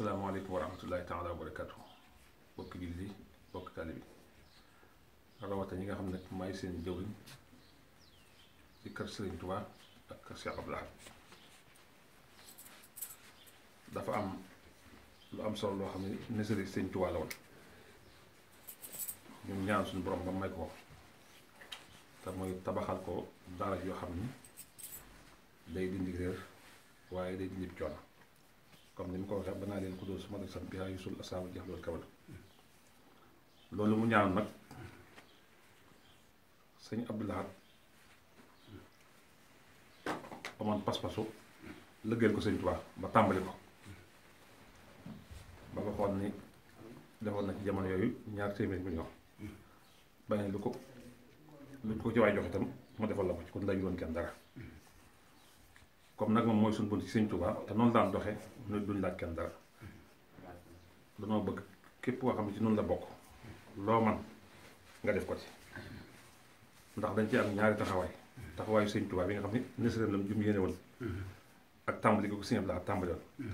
asalaamaaleykum wa rahmatullahi taala wa barakatu bokk julli yi bokk tali bi rawata ñi nga xam ne may seen jëwriñ ci kër Sëriñ Tuubaa ak kër Cheikh Abdou dafa am lu am solo loo xam ne néséri Sëriñ Tuubaa la woon ñu ñaan suñu borom nga may ko te mooy tabaxal ko daara yoo xam ne day dindi réer waaye day dindi coono comme ni mu ko ba banaa leen xudóo su ma dak sax bihaa yusul asaabu jeex loolu kaw la loolu mu ñaan nag sëñ Abdou Lahad amoon pas-pasu lëggeel ko sëñ Tuubaa ba tàmbali ko ba nga ni defoon na ci yooyu ñaar téeméer million bàyyi lu ko lu ko ci jox itam mu defal la ko ci kon lay yoon kenn dara comme nag moom mooy suñ bunt ci sëñ Tuubaa te noonu daan doxe ñu duñ laaj kenn dara danoo bëgg képp koo xam ne ci noonu la bokk loo man nga def ko ci ndax dañ ci ñaari taxawaay taxawaayu sëñ Tuubaa bi nga xam ne nesiréem lam jum yéene woon ak tàmbali ko sëñ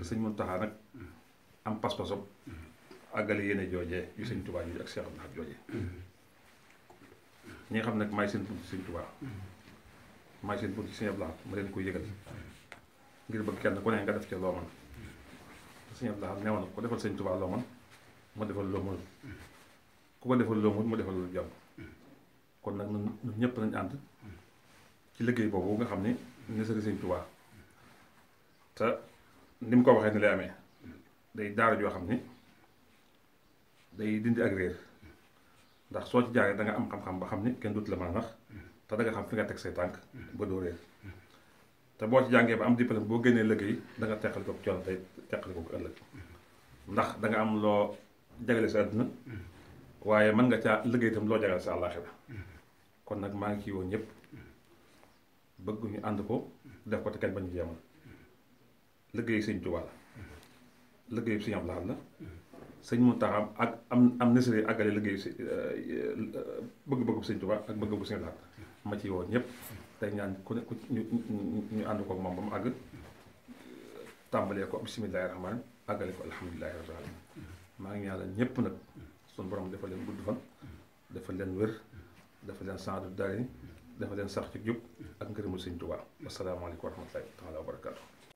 sëñ Muntaxaa nag am pas-pasob àggale yéene joojee yu sëñ Tuubaa jooje ak Seex Abdou Lahad joojee ñi xam nag maay seen bunt ci sëñ Tuubaa maay seen bunt ci sëñ Abdou ma leen koy yëgal ngir bëgg kenn ku nga def ci loo mën sëñ Abdou ko defal sëñ Tuubaa loo mën defal loo mënul ku ko defal loo mënul mu defal lu jàmm kon nag ñun ñëpp nañ ànd ci liggéey boobu nga xam ne ni sëriñ sëñ Tuubaa te ni mu ko waxee ni lay amee day daara joo xam ne day dindi ak réer ndax soo ci jaaree da am xam-xam ba xam ni kenn dut la mën a nax te da nga xam fi nga teg say tànk ba doo réer te boo ci jàngee ba am diplôme boo génnee liggéey da nga teqali ko coono tey teqali ko ëllëg ndax da am loo jagale sa àdduna waaye mën nga caa liggéey itam loo jagale sa àllaaxira kon nag maa ngi ci woon ñëpp bëgg ñu ànd ko def ko te kenn bañ ci yemal liggéey sëñ Tuubaa la liggéey sëñ Abdu Lahad la sëñ Muntaxa ak am am nisri àggale liggéey eh, eh, bëgg-bëggu sëñ Tuubaa ak bëgg-bëggu sëñ Abdu ma ci woo ñëpp tey ñaan ñu ànd ko moom ba mu ko bisimilahi rahmaan àggale ko alhamdulilahi rabbil alamin maa ngi ñaanal ñëpp nag suñu borom dafa leen gudd fan dafa leen wér dafa leen sandu dari dafa leen sax ci jub ak ngërëmul sëñ Tuubaa wasalaamaaleykum wa rahmatullahi taala wa